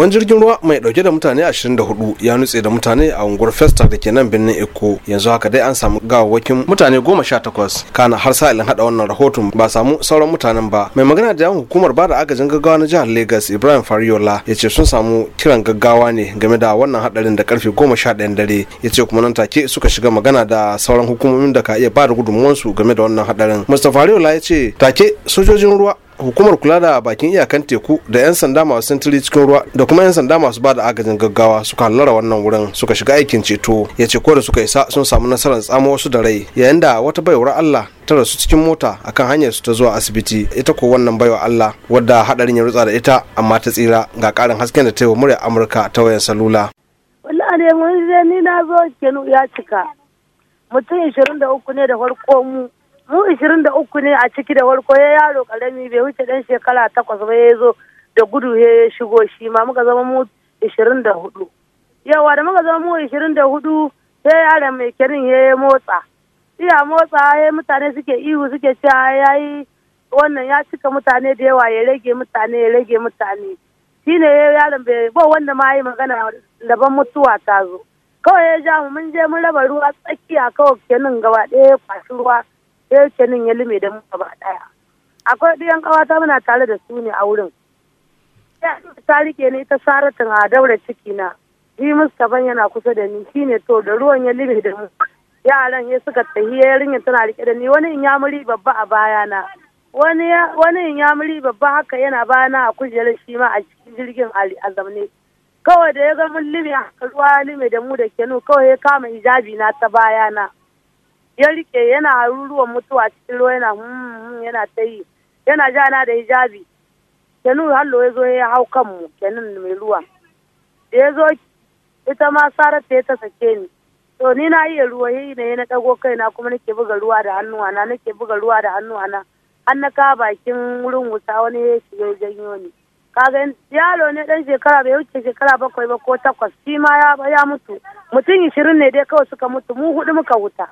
wani jirgin ruwa mai dauke da mutane 24 ya nutse da mutane a unguwar festar da ke nan birnin eko yanzu haka dai an samu gawawwakin mutane 18 kana har sa'ilin hada wannan rahoton ba samu sauran mutanen ba mai magana da yawan hukumar ba da agajin gaggawa na jihar lagos ibrahim fariola ya ce sun samu kiran gaggawa ne game da wannan hadarin da karfe 11 dare ya ce kuma nan take suka shiga magana da sauran hukumomin da ka iya ba da su game da wannan hadarin mustapha fariola ya ce take sojojin ruwa hukumar kula da bakin iyakan teku da 'yan sanda masu sintiri cikin ruwa da kuma 'yan sanda masu bada agajin gaggawa suka hallara wannan wurin suka shiga aikin ceto ya ce ko da suka isa sun samu nasarar tsamo wasu da rai yayin da wata baiwar allah ta rasu cikin mota akan hanyar su ta zuwa asibiti ita ko wannan baiwa allah wadda hadarin ya rutsa da ita amma ta tsira ga karin hasken da ta yi wa muryar amurka ta wayan salula. wallahi mun je ni na zo ya cika mutum 23 ne da farko mu mu ishirin da uku ne a ciki da warko ya yaro karami bai wuce dan shekara takwas ba ya zo da gudu ya shigo shi ma muka zama mu ishirin da hudu yawa da muka zama mu ishirin da hudu sai yaron mai kirin ya motsa iya motsa ya mutane suke ihu suke cewa ya yi wannan ya cika mutane da yawa ya rage mutane ya rage mutane shine ya yaron bai ba wanda ma yi magana daban mutuwa ta zo kawai ya ja mu mun je mun raba ruwa tsakiya kawai kenan gaba ɗaya ya kwashi ruwa sai kenin ya lume da mu gaba daya akwai ɗiyan ta muna tare da su ne a wurin ta rike ni ta saratin a daura ciki na yi ban yana kusa da ni shi ne to da ruwan ya lume da mu yaran ya suka tahi rinya tana rike da ni wani in yamuri babba a bayana wani wani in yamuri babba haka yana bayana a kujerar shi ma a cikin jirgin a zamne kawai da ya ga mun lume ruwa lume da mu da kenu kawai ya kama hijabi na ta baya na. ya rike yana haruruwan mutuwa cikin ruwa yana hmm, hmm, yana ta yi yana jana da hijabi kenan hallo ya zo ya hau kanmu kenan mai ruwa da ya zo ita ma sarar ta ta sake ni to ni na iya ruwa yi ne na dago kaina kuma nake buga ruwa da hannuwana nake buga ruwa da hannuwana an na ka bakin wurin wuta wani ya shiga janyo ni kaga yalo ne dan shekara bai wuce shekara bakwai ba ko takwas shi ma ya mutu mutum ishirin ne dai kawai suka mutu mu hudu muka wuta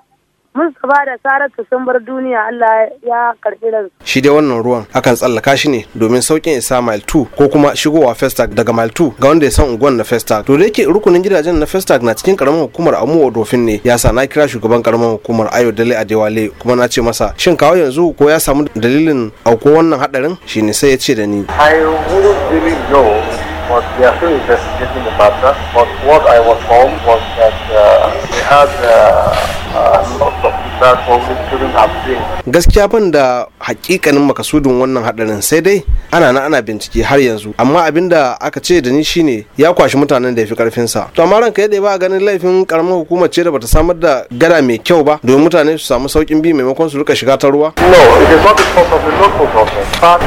Mustapha da Saratu sun bar duniya Allah ya karɓi ransu. Shi dai wannan ruwan akan tsallaka shi ne domin saukin isa mile 2 ko kuma shigowa Festag daga mile 2 ga wanda ya san unguwan na Festag. To da yake rukunin gidajen na Festag na cikin karamin hukumar Amuwa Dofin ne ya sa na kira shugaban karamin hukumar Ayo Dale Adewale kuma na ce masa shin kawo yanzu ko ya samu dalilin auko wannan hadarin shine sai ya ce da ni. I wurin really know but we are still investigating the matter. But what I was told was that uh, we had uh, uh lots of that children have been. Gaskiya ban da hakikanin makasudin wannan hadarin sai dai ana na ana bincike har yanzu amma abin da aka ce da ni shine ya kwashi mutanen da ya fi karfin sa. To amma ranka yadda ba ganin laifin karamar hukumar ce da bata samar da gada mai kyau ba domin mutane su samu saukin bi maimakon su rika shiga ta ruwa. No, it is not the fault of the local government. But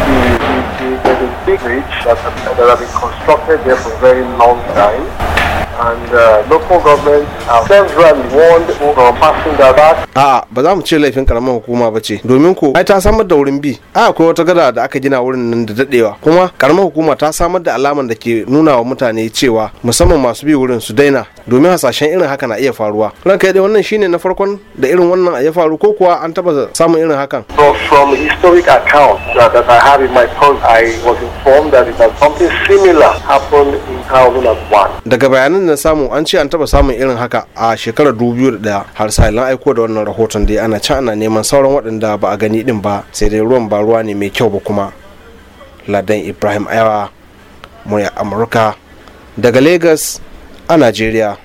the there's a big bridge that, that have been constructed there for a very long time. and uh, local governments have severally warned from passing that A'a ba za mu ce laifin karamar hukuma ba ce domin ko ai ta samar da wurin bi a akwai wata gada da aka gina wurin nan da dadewa kuma karamar hukuma ta samar da alama da ke nuna wa mutane cewa musamman masu bi wurin su daina domin hasashen irin haka na iya faruwa ranka dai wannan shine na farkon da irin wannan ya faru ko kuwa an taba samun irin hakan but from historic account that, that I have in my I was informed that it has something similar happened in 2001 daga bayanan labarin samu an ce an taba samun irin haka a shekarar da ɗaya har sai an aiko da wannan rahoton dai ana can ana neman sauran waɗanda ba a gani din ba sai dai ruwan ba ruwa ne mai kyau ba kuma ladan ibrahim ayawa murya amurka daga lagos a najeriya